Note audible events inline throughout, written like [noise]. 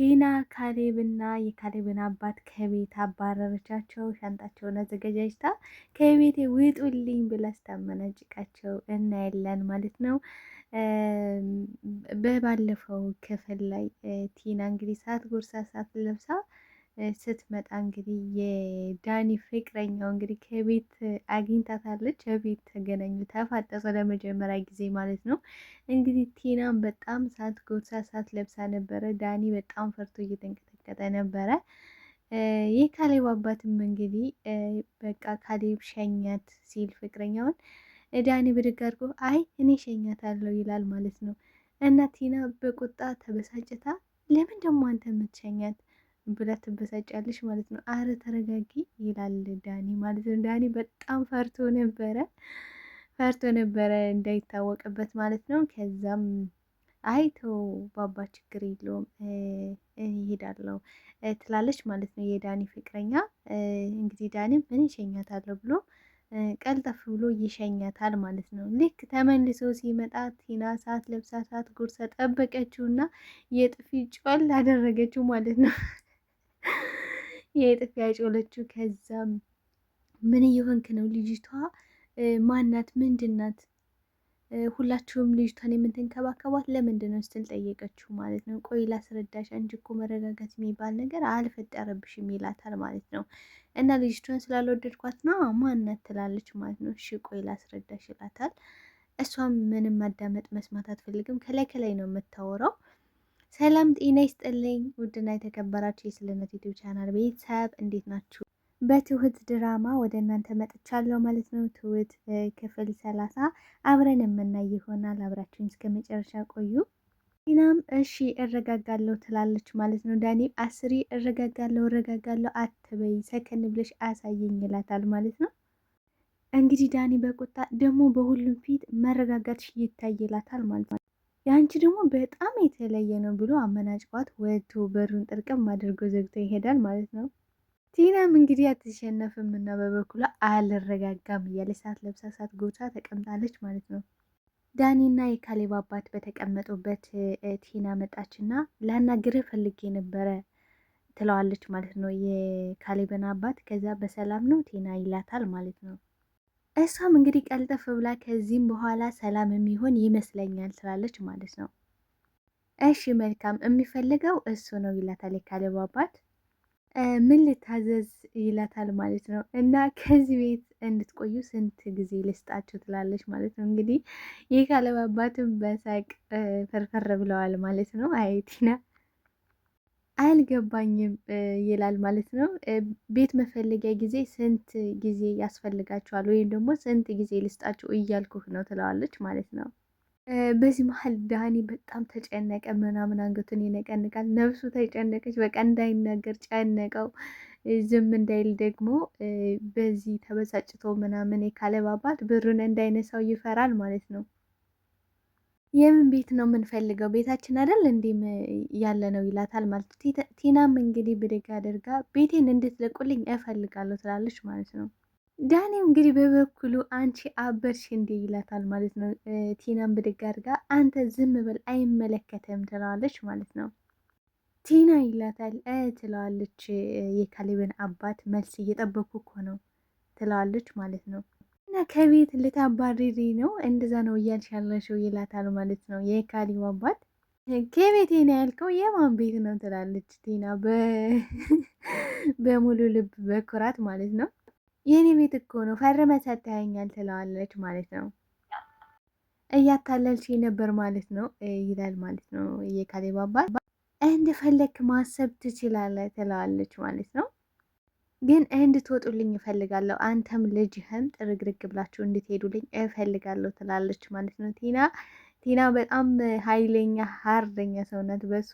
ቲና ካሌብና የካሌብን አባት ከቤት አባረረቻቸው። ሻንጣቸውን አዘገጃጅታ ከቤት ውጡልኝ ብላ ስታመናጭቃቸው እናያለን ማለት ነው። በባለፈው ክፍል ላይ ቲና እንግዲህ ሰዓት ጎርሳ ሰዓት ለብሳ ስትመጣ እንግዲህ የዳኒ ፍቅረኛው እንግዲህ ከቤት አግኝታታለች። ከቤት ተገናኙ፣ ተፋጠጠ ለመጀመሪያ ጊዜ ማለት ነው። እንግዲህ ቲናም በጣም ሳት ጎርሳ ሳት ለብሳ ነበረ። ዳኒ በጣም ፈርቶ እየተንቀጠቀጠ ነበረ። ይህ ካሌብ አባትም እንግዲህ በቃ ካሌብ ሸኛት ሲል ፍቅረኛውን ዳኒ ብድግ አድርጎ አይ እኔ አለው ይላል ማለት ነው። እና ቲና በቁጣ ተበሳጭታ ለምን ደግሞ አንተ የምትሸኛት ብረት ትበሳጫለሽ ማለት ነው። አረ ተረጋጊ ይላል ዳኒ ማለት ነው። ዳኒ በጣም ፈርቶ ነበረ ፈርቶ ነበረ እንዳይታወቅበት ማለት ነው። ከዛም አይቶ ባባ ችግር የለውም ይሄዳለው ትላለች ማለት ነው። የዳኒ ፍቅረኛ እንግዲህ ዳኒም ምን ይሸኛታለሁ ብሎ ቀልጠፍ ብሎ ይሸኛታል ማለት ነው። ልክ ተመልሶ ሲመጣ ቲና ሳት ለብሳ ሰዓት ጉርሳ ጠበቀችውና የጥፊ ጮል አደረገችው ማለት ነው። የጥፍ ያጮለችው። ከዛም ምን እየሆንክ ነው? ልጅቷ ማናት? ምንድናት? ሁላችሁም ልጅቷን የምትንከባከቧት ለምንድን ነው ስትል ጠየቀችው ማለት ነው። ቆይ ላስረዳሽ፣ አንቺ እኮ መረጋጋት የሚባል ነገር አልፈጠረብሽም ይላታል ማለት ነው። እና ልጅቷን ስላልወደድኳት ነው ማናት ትላለች ማለት ነው። እሺ ቆይ ላስረዳሽ ይላታል። እሷም ምንም ማዳመጥ መስማት አትፈልግም። ከላይ ከላይ ነው የምታወራው ሰላም ጤና ይስጥልኝ። ውድና የተከበራችሁ የስልነት ዩቲዩብ ቻናል ቤተሰብ እንዴት ናችሁ? በትሁት ድራማ ወደ እናንተ መጥቻለሁ ማለት ነው። ትሁት ክፍል ሰላሳ አብረን የምናይ ይሆናል። አብራችሁን እስከ መጨረሻ ቆዩ። ቲናም እሺ እረጋጋለሁ ትላለች ማለት ነው። ዳኒም አስሪ እረጋጋለሁ እረጋጋለሁ አትበይ፣ ሰከን ብለሽ አሳየኝ ይላታል ማለት ነው። እንግዲህ ዳኒ በቁጣ ደግሞ በሁሉም ፊት መረጋጋትሽ ይታይላታል ማለት ነው። የአንቺ ደግሞ በጣም የተለየ ነው ብሎ አመናጭቋት ወጥቶ በሩን ጥርቅም አድርጎ ዘግቶ ይሄዳል ማለት ነው። ቲናም እንግዲህ አትሸነፍም እና በበኩሏ አልረጋጋም እያለ ሰዓት ለብሳ ሰዓት ጎታ ተቀምጣለች ማለት ነው። ዳኒና የካሌብ አባት በተቀመጡበት ቲና መጣች እና ላናግርህ ፈልጌ ነበረ ትለዋለች ማለት ነው የካሌብን አባት። ከዛ በሰላም ነው ቲና ይላታል ማለት ነው። እሷም እንግዲህ ቀልጠፍ ብላ ከዚህም በኋላ ሰላም የሚሆን ይመስለኛል ስላለች ማለት ነው። እሺ መልካም የሚፈልገው እሱ ነው ይላታል የካሌብ አባት። ምን ልታዘዝ ይላታል ማለት ነው። እና ከዚህ ቤት እንድትቆዩ ስንት ጊዜ ልስጣችሁ ትላለች ማለት ነው። እንግዲህ የካሌብ አባትም በሳቅ ፍርፍር ብለዋል ማለት ነው። አይ ቲና አልገባኝም ይላል ማለት ነው። ቤት መፈለጊያ ጊዜ ስንት ጊዜ ያስፈልጋችኋል? ወይም ደግሞ ስንት ጊዜ ልስጣችሁ እያልኩህ ነው ትለዋለች ማለት ነው። በዚህ መሀል ዳኒ በጣም ተጨነቀ፣ ምናምን አንገቱን ይነቀንቃል። ነፍሱ ተጨነቀች፣ በቃ እንዳይናገር ጨነቀው፣ ዝም እንዳይል ደግሞ በዚህ ተበሳጭቶ ምናምን የካለብ አባት ብሩን እንዳይነሳው ይፈራል ማለት ነው። የምን ቤት ነው የምንፈልገው? ቤታችን አይደል እንዲህ ያለ ነው ይላታል ማለት ነው። ቲናም እንግዲህ ብድግ አድርጋ ቤቴን እንድትለቁልኝ እፈልጋለሁ ትላለች ማለት ነው። ዳኔው እንግዲህ በበኩሉ አንቺ አበርሽ እንዴ ይላታል ማለት ነው። ቲናም ብድግ አድርጋ አንተ ዝም በል አይመለከትም ትለዋለች ማለት ነው። ቲና ይላታል ትለዋለች። የካሌብን አባት መልስ እየጠበኩ እኮ ነው ትለዋለች ማለት ነው። እና ከቤት ልታባርሪ ነው እንደዛ ነው እያልሽ ያለሽው ይላታል ማለት ነው የካሊብ አባት። ከቤቴ ነው ያልከው የማን ቤት ነው ትላለች ቲና [laughs] በሙሉ ልብ በኩራት ማለት ነው። የኔ ቤት እኮ ነው ፈርመ ሰጥተኸኛል ትለዋለች ማለት ነው። እያታለልሽ ነበር ማለት ነው ይላል ማለት ነው የካሊብ አባት። እንደፈለክ ማሰብ ትችላለ ትለዋለች ማለት ነው። ግን እንድትወጡልኝ እፈልጋለሁ። አንተም ልጅህም ጥርግርግ ብላችሁ እንድትሄዱልኝ እፈልጋለሁ ትላለች ማለት ነው ቲና ቲና በጣም ኃይለኛ ሀርደኛ ሰውነት በሷ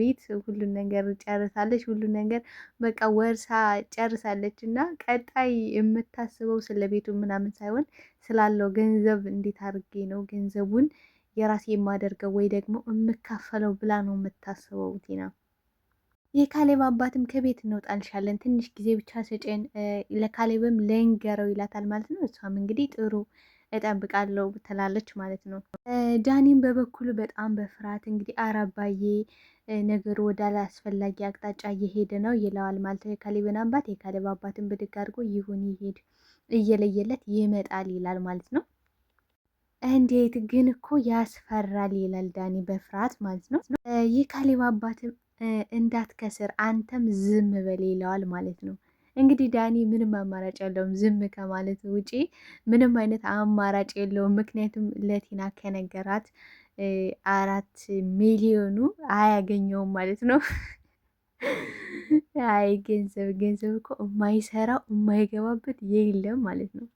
ቤት ሁሉን ነገር ጨርሳለች። ሁሉን ነገር በቃ ወርሳ ጨርሳለች። እና ቀጣይ የምታስበው ስለ ቤቱ ምናምን ሳይሆን ስላለው ገንዘብ እንዴት አድርጌ ነው ገንዘቡን የራሴ የማደርገው ወይ ደግሞ የምካፈለው ብላ ነው የምታስበው ቲና። የካሌብ አባትም ከቤት እንወጣልሻለን ትንሽ ጊዜ ብቻ ስጭን፣ ለካሌብም ለንገረው ይላታል ማለት ነው። እሷም እንግዲህ ጥሩ እጠብቃለሁ ትላለች ማለት ነው። ዳኒም በበኩሉ በጣም በፍርሃት እንግዲህ አራባዬ ነገሩ ወደ አላስፈላጊ አቅጣጫ እየሄደ ነው ይለዋል ማለት ነው። የካሌብን አባት የካሌብ አባትን ብድግ አድርጎ ይሁን ይሄድ እየለየለት ይመጣል ይላል ማለት ነው። እንዴት ግን እኮ ያስፈራል ይላል ዳኒ በፍርሃት ማለት ነው። የካሌብ አባትም እንዳትከስር አንተም ዝም በል ይለዋል ማለት ነው። እንግዲህ ዳኒ ምንም አማራጭ የለውም ዝም ከማለት ውጪ ምንም አይነት አማራጭ የለውም። ምክንያቱም ለቲና ከነገራት አራት ሚሊዮኑ አያገኘውም ማለት ነው። አይ ገንዘብ ገንዘብ እኮ የማይሰራው የማይገባበት የለም ማለት ነው።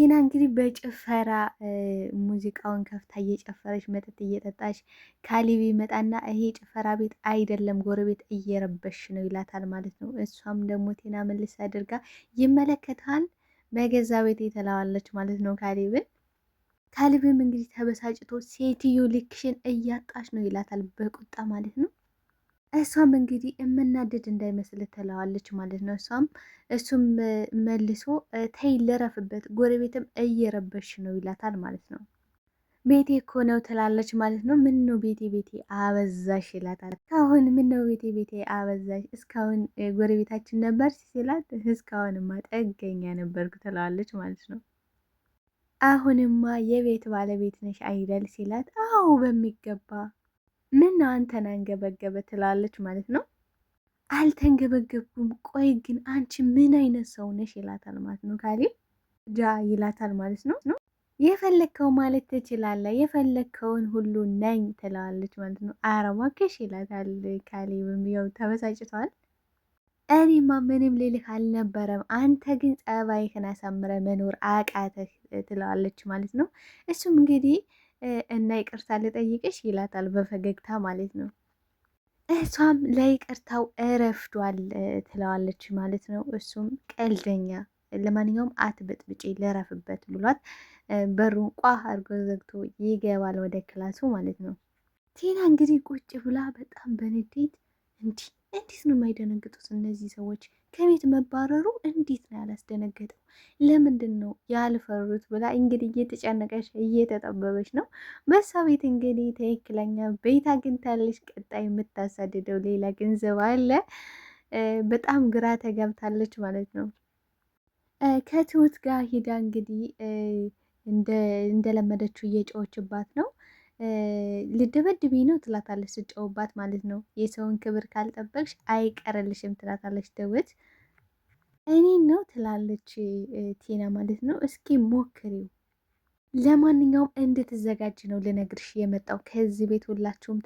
ቲና እንግዲህ በጭፈራ ሙዚቃውን ከፍታ እየጨፈረች መጠጥ እየጠጣች ካሊቢ መጣና ይሄ ጭፈራ ቤት አይደለም ጎረቤት እየረበሽ ነው ይላታል ማለት ነው። እሷም ደግሞ ቲና መልስ አድርጋ ይመለከታል በገዛ ቤት የተላዋለች ማለት ነው ካሊብን ካልብም እንግዲህ ተበሳጭቶ ሴትዮ ልክሽን እያጣች ነው ይላታል በቁጣ ማለት ነው። እሷም እንግዲህ የምናደድ እንዳይመስል ትለዋለች ማለት ነው። እሷም እሱም መልሶ ተይ ልረፍበት፣ ጎረቤትም እየረበሽ ነው ይላታል ማለት ነው። ቤቴ እኮ ነው ትላለች ማለት ነው። ምን ነው ቤቴ ቤቴ አበዛሽ ይላታል። እስካሁን ምን ነው ቤቴ ቤቴ አበዛሽ፣ እስካሁን ጎረቤታችን ነበር ሲላት፣ እስካሁንማ ጠገኛ ነበርኩ ትለዋለች ማለት ነው። አሁንማ የቤት ባለቤት ነሽ አይደል ሲላት፣ አዎ በሚገባ ምን አንተን አንገበገበ ትላለች ማለት ነው። አልተንገበገብኩም፣ ቆይ ግን አንቺ ምን አይነት ሰው ነሽ ይላታል ማለት ነው። ካሌ ጃ ይላታል ማለት ነው። የፈለግከው ማለት ትችላለ፣ የፈለግከውን ሁሉ ነኝ ትለዋለች ማለት ነው። ኧረ እባክሽ ይላታል ካሌብም ያው ተበሳጭቷል። እኔማ ምንም ልልህ አልነበረም፣ አንተ ግን ጸባይህን አሳምረ መኖር አቃተህ ትለዋለች ማለት ነው። እሱም እንግዲህ እና ይቅርታ ልጠይቅሽ ይላታል በፈገግታ ማለት ነው። እሷም ለይቅርታው እረፍዷል ትለዋለች ማለት ነው። እሱም ቀልደኛ፣ ለማንኛውም አትበጥብጪ ልረፍበት ብሏት በሩን ቋ አድርጎ ዘግቶ ይገባል ወደ ክላሱ ማለት ነው። ቴና እንግዲህ ቁጭ ብላ በጣም በንዴት እንዲህ እንዴት ነው የማይደነግጡት እነዚህ ሰዎች? ከቤት መባረሩ እንዴት ነው ያላስደነገጠው? ለምንድን ነው ያልፈሩት? ብላ እንግዲህ እየተጨነቀች እየተጠበበች ነው። ቤት እንግዲህ ትክክለኛ ቤት አግኝታለች። ቀጣይ የምታሳድደው ሌላ ገንዘብ አለ። በጣም ግራ ተገብታለች ማለት ነው። ከትሁት ጋር ሂዳ እንግዲህ እንደለመደችው እየጨዎችባት ነው። ልደበድቤ ነው ትላታለች፣ ስጨውባት ማለት ነው። የሰውን ክብር ካልጠበቅሽ አይቀርልሽም ትላታለች ደውት። እኔ ነው ትላለች ቴና ማለት ነው። እስኪ ሞክሪው። ለማንኛውም እንድትዘጋጅ ነው ልነግርሽ የመጣው። ከዚህ ቤት ሁላችሁም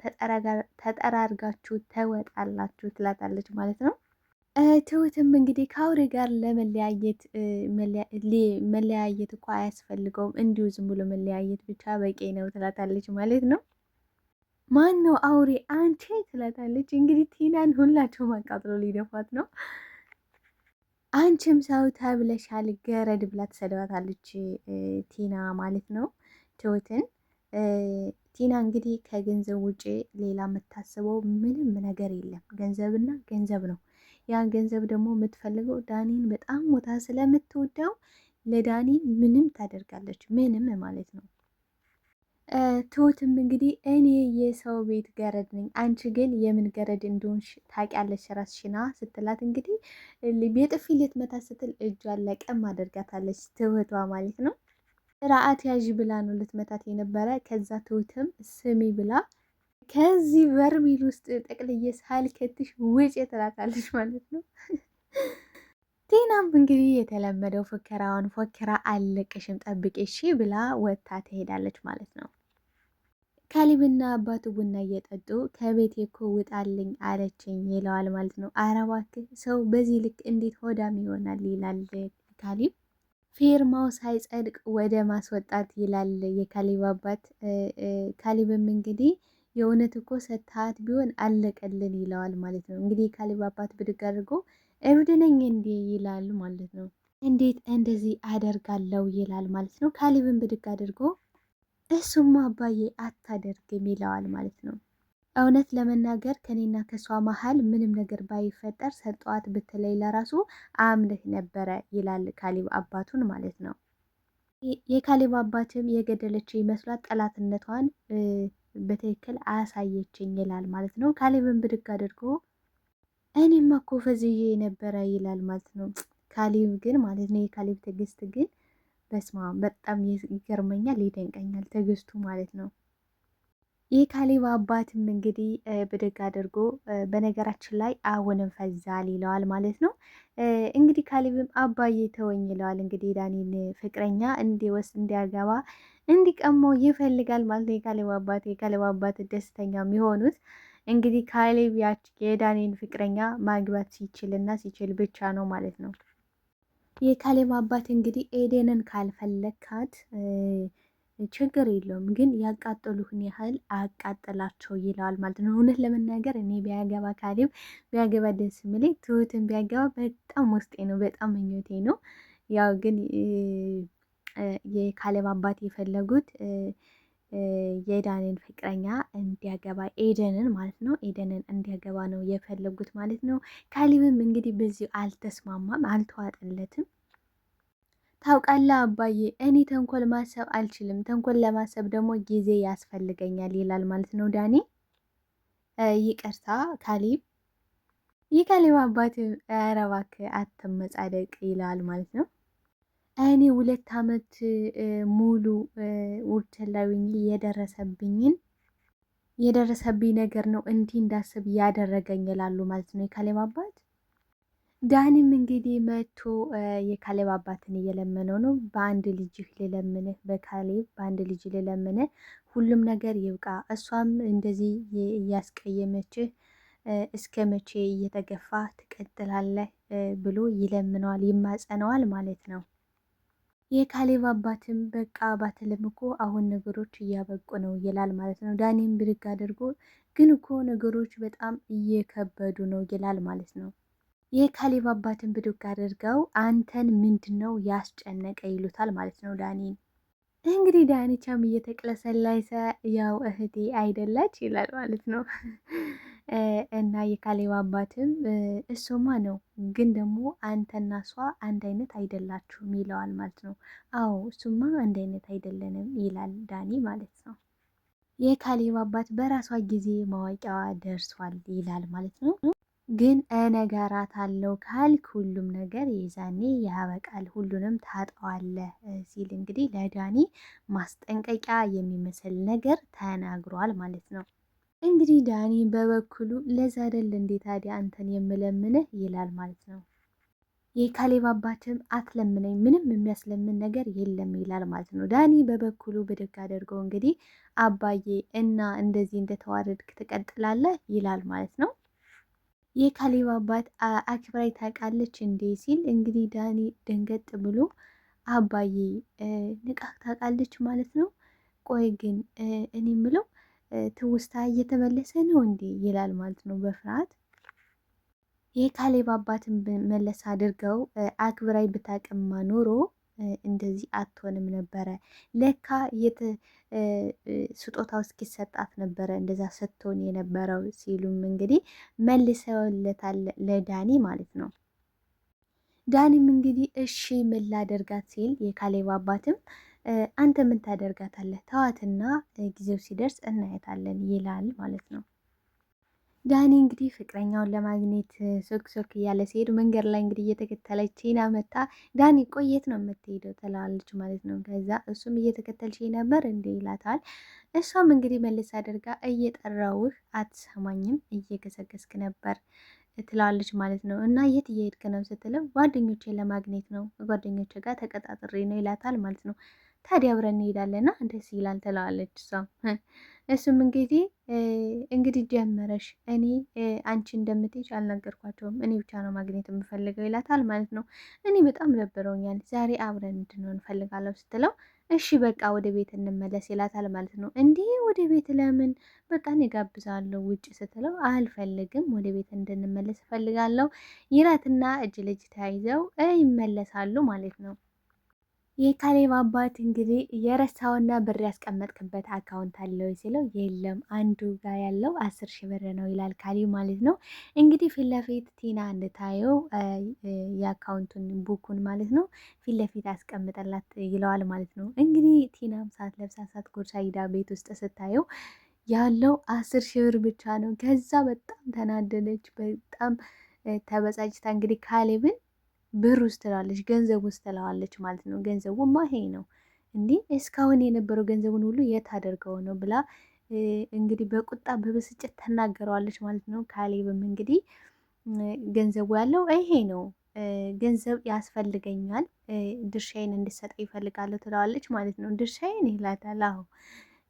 ተጠራርጋችሁ ተወጣላችሁ ትላታለች ማለት ነው። ትሁትም እንግዲህ ከአውሬ ጋር ለመለያየት መለያየት እኮ አያስፈልገውም እንዲሁ ዝም ብሎ መለያየት ብቻ በቂ ነው ትላታለች ማለት ነው። ማን ነው አውሬ አንቺ ትላታለች። እንግዲህ ቲናን ሁላቸውም አቃጥሎ ሊደፋት ነው። አንቺም ሰው ተብለሻል ገረድ ብላ ትሰድባታለች ቲና ማለት ነው ትሁትን። ቲና እንግዲህ ከገንዘብ ውጪ ሌላ የምታስበው ምንም ነገር የለም ገንዘብና ገንዘብ ነው። ያ ገንዘብ ደግሞ የምትፈልገው ዳኒን በጣም ሞታ ስለምትወደው ለዳኒ ምንም ታደርጋለች፣ ምንም ማለት ነው። ትሁትም እንግዲህ እኔ የሰው ቤት ገረድ ነኝ፣ አንቺ ግን የምን ገረድ እንደሆንሽ ታውቂያለሽ ራስሽና ስትላት እንግዲህ የጥፊ ልትመታ ስትል እጇን ለቀም አደርጋታለች፣ ትሁቷ ማለት ነው። ስርዓት ያዥ ብላ ነው ልትመታት የነበረ። ከዛ ትሁትም ስሚ ብላ ከዚህ በርሚል ውስጥ ጠቅልዬ ሳልከትሽ ውጭ ትላታለች ማለት ነው። ቴናም እንግዲህ የተለመደው ፉከራውን ፎከራ አለቀሽም ጠብቄ እሺ ብላ ወታ ትሄዳለች ማለት ነው። ካሊብና አባቱ ቡና እየጠጡ ከቤት እኮ ውጣልኝ አለችኝ ይለዋል ማለት ነው። ኧረ እባክህ ሰው በዚህ ልክ እንዴት ሆዳም ይሆናል ይላል ካሊብ። ፊርማው ሳይጸድቅ ወደ ማስወጣት ይላል የካሊብ አባት። ካሊብም እንግዲህ የእውነት እኮ ሰታት ቢሆን አለቀልን ይለዋል ማለት ነው። እንግዲህ የካሌብ አባት ብድግ አድርጎ እብድ ነኝ እንዴ ይላል ማለት ነው። እንዴት እንደዚህ አደርጋለው ይላል ማለት ነው። ካሌብን ብድግ አድርጎ እሱማ አባዬ አታደርግም ይለዋል ማለት ነው። እውነት ለመናገር ከኔና ከሷ መሀል ምንም ነገር ባይፈጠር ሰጠዋት ብትለይ ለራሱ አምነት ነበረ ይላል ካሌብ አባቱን ማለት ነው። የካሌብ አባትም የገደለችው ይመስሏት ጠላትነቷን በትክክል አያሳየችኝ ይላል ማለት ነው። ካሌብን ብድግ አድርጎ እኔማ እኮ ፈዝዬ የነበረ ይላል ማለት ነው። ካሌብ ግን ማለት ነው የካሌብ ትዕግስት ግን በስማ በጣም ይገርመኛል፣ ይደንቀኛል ትዕግስቱ ማለት ነው። የካሌብ አባትም እንግዲህ ብድግ አድርጎ በነገራችን ላይ አሁንም ፈዛል ይለዋል ማለት ነው። እንግዲህ ካሌብም አባዬ ተወኝ ይለዋል። እንግዲህ ዳኒን ፍቅረኛ እንዲወስድ እንዲያገባ እንዲቀማው ይፈልጋል ማለት ነው። የካሌብ አባት የካሌብ አባት ደስተኛ የሚሆኑት እንግዲህ ካሌብ የዳኒን ፍቅረኛ ማግባት ሲችልና ሲችል ብቻ ነው ማለት ነው። የካሌብ አባት እንግዲህ ኤደንን ካልፈለግካት ችግር የለውም ግን ያቃጠሉህን ያህል አቃጥላቸው ይለዋል ማለት ነው። እውነት ለመናገር እኔ ቢያገባ ካሌብ ቢያገባ ደስ የሚለኝ ትሁትን ቢያገባ በጣም ውስጤ ነው፣ በጣም ምኞቴ ነው። ያው ግን የካሌብ አባት የፈለጉት የዳንን ፍቅረኛ እንዲያገባ ኤደንን ማለት ነው። ኤደንን እንዲያገባ ነው የፈለጉት ማለት ነው። ካሌብም እንግዲህ በዚሁ አልተስማማም፣ አልተዋጠለትም። ታውቃለህ አባዬ እኔ ተንኮል ማሰብ አልችልም። ተንኮል ለማሰብ ደግሞ ጊዜ ያስፈልገኛል ይላል ማለት ነው ዳኒ። ይቅርታ ካሌብ የካሌብ አባት ኧረ እባክህ አትመጻደቅ ይላል ማለት ነው። እኔ ሁለት ዓመት ሙሉ ውርቸላዊኝ የደረሰብኝን የደረሰብኝ ነገር ነው እንዲህ እንዳስብ ያደረገኝ ይላሉ ማለት ነው የካሌብ አባት ዳኒም እንግዲህ መቶ የካሌብ አባትን እየለመነው ነው። በአንድ ልጅህ ልለምንህ፣ በካሌብ በአንድ ልጅ ልለምንህ፣ ሁሉም ነገር ይብቃ። እሷም እንደዚህ እያስቀየመችህ እስከ መቼ እየተገፋ ትቀጥላለህ? ብሎ ይለምነዋል፣ ይማጸነዋል ማለት ነው። የካሌብ አባትም በቃ ባትልም እኮ አሁን ነገሮች እያበቁ ነው ይላል ማለት ነው። ዳኒም ብድግ አድርጎ ግን እኮ ነገሮች በጣም እየከበዱ ነው ይላል ማለት ነው። የካሌብ አባትን ብድግ አድርገው አንተን ምንድን ነው ያስጨነቀ ይሉታል ማለት ነው ዳኒን። እንግዲህ ዳኒቻም እየተቅለሰላይሰ ያው እህቴ አይደለች ይላል ማለት ነው። እና የካሌብ አባትም እሱማ ነው ግን ደግሞ አንተና እሷ አንድ አይነት አይደላችሁም ይለዋል ማለት ነው። አዎ እሱማ አንድ አይነት አይደለንም ይላል ዳኒ ማለት ነው። የካሌብ አባት በራሷ ጊዜ ማወቂያዋ ደርሷል ይላል ማለት ነው። ግን አለው ካልክ ሁሉም ነገር የዛኔ ያበቃል ሁሉንም ታጣዋለህ ሲል እንግዲህ ለዳኒ ማስጠንቀቂያ የሚመስል ነገር ተናግሯል ማለት ነው። እንግዲህ ዳኒ በበኩሉ ለዛ አይደል እንዴ ታዲያ አንተን የምለምንህ ይላል ማለት ነው። የካሌብ አባትም አትለምነኝ፣ ምንም የሚያስለምን ነገር የለም ይላል ማለት ነው። ዳኒ በበኩሉ ብድግ አድርገው እንግዲህ አባዬ እና እንደዚህ እንደተዋረድክ ትቀጥላለህ ይላል ማለት ነው። የካሌብ አባት አክብራይ ታውቃለች እንዴ ሲል እንግዲህ ዳኒ ደንገጥ ብሎ አባዬ ንቃህ ታውቃለች ማለት ነው። ቆይ ግን እኔ ምለው ትውስታ እየተመለሰ ነው እንዴ ይላል ማለት ነው በፍርሃት የካሌብ አባትን መለስ አድርገው አክብራይ ብታቅማ ኖሮ እንደዚህ አትሆንም ነበረ። ለካ የት ስጦታው እስኪሰጣት ነበረ እንደዛ ስትሆን የነበረው ሲሉም እንግዲህ መልሰውለታል ለዳኒ ማለት ነው። ዳኒም እንግዲህ እሺ ምን ላደርጋት ሲል የካሌብ አባትም አንተ ምን ታደርጋታለህ? ተዋትና ጊዜው ሲደርስ እናያታለን ይላል ማለት ነው። ዳኒ እንግዲህ ፍቅረኛውን ለማግኘት ሶክ ሶክ እያለ ሲሄድ መንገድ ላይ እንግዲህ እየተከተለች ና መታ ዳኒ ቆየት ነው የምትሄደው ትለዋለች ማለት ነው። ከዛ እሱም እየተከተልሽ ነበር እንዲህ ይላታል። እሷም እንግዲህ መልስ አድርጋ እየጠራውህ አትሰማኝም፣ እየገሰገስክ ነበር ትላለች ማለት ነው። እና የት እየሄድክ ነው ስትልም ጓደኞቼ ለማግኘት ነው ጓደኞቼ ጋር ተቀጣጥሬ ነው ይላታል ማለት ነው። ታዲያ አብረን እንሄዳለና ደስ ይላል ትለዋለች እሷም እሱም እንግዲህ እንግዲህ ጀመረሽ እኔ አንቺ እንደምትሄጂ አልነገርኳቸውም እኔ ብቻ ነው ማግኘት የምፈልገው ይላታል ማለት ነው። እኔ በጣም ደብረውኛል ዛሬ አብረን እንድንሆን እፈልጋለሁ ስትለው እሺ በቃ ወደ ቤት እንመለስ ይላታል ማለት ነው። እንዲህ ወደ ቤት ለምን በቃ እኔ ጋብዛለሁ ውጭ ስትለው አልፈልግም ወደ ቤት እንድንመለስ እፈልጋለሁ ይላትና እጅ ልጅ ተያይዘው ይመለሳሉ ማለት ነው። የካሌብ አባት እንግዲህ የረሳውና ብር ያስቀመጥክበት አካውንት አለው ሲለው የለም አንዱ ጋር ያለው አስር ሺ ብር ነው ይላል ካሌብ ማለት ነው። እንግዲህ ፊት ለፊት ቲና እንድታየው የአካውንቱን ቡኩን ማለት ነው ፊት ለፊት አስቀምጠላት ይለዋል ማለት ነው። እንግዲህ ቲናም ሰዓት ለብሳ ሰዓት ጎርሳ ሂዳ ቤት ውስጥ ስታየው ያለው አስር ሺ ብር ብቻ ነው። ከዛ በጣም ተናደደች። በጣም ተበሳጭታ እንግዲህ ካሌብን ብር ውስጥ ትላለች፣ ገንዘብ ውስጥ ትለዋለች ማለት ነው። ገንዘቡማ ይሄ ነው እንዲህ እስካሁን የነበረው ገንዘቡን ሁሉ የት አደርገው ነው ብላ እንግዲህ በቁጣ በብስጭት ተናገረዋለች ማለት ነው። ካሌብም እንግዲህ ገንዘቡ ያለው ይሄ ነው፣ ገንዘብ ያስፈልገኛል፣ ድርሻዬን እንድሰጠ ይፈልጋለሁ ትለዋለች ማለት ነው። ድርሻዬን ይላታል። አሁ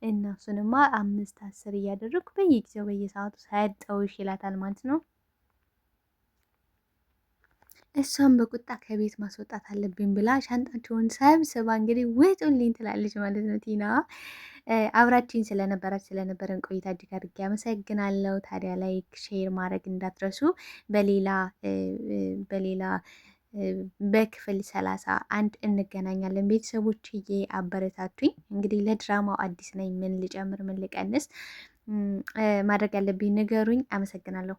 እና አምስት አስር እያደረግኩ በየጊዜው በየሰዓቱ ሳያጠውሽ ይላታል ማለት ነው። እሷን በቁጣ ከቤት ማስወጣት አለብኝ ብላ ሻንጣቸውን ሰብስባ እንግዲህ ውጡልኝ ትላለች ማለት ነው። ቲና አብራችን ስለነበራች ስለነበረን ቆይታ እጅግ አድርጌ አመሰግናለሁ። ታዲያ ላይክ፣ ሼር ማድረግ እንዳትረሱ። በሌላ በሌላ በክፍል ሰላሳ አንድ እንገናኛለን። ቤተሰቦችዬ አበረታቱኝ። እንግዲህ ለድራማው አዲስ ነኝ። ምን ልጨምር ምን ልቀንስ ማድረግ ያለብኝ ንገሩኝ። አመሰግናለሁ።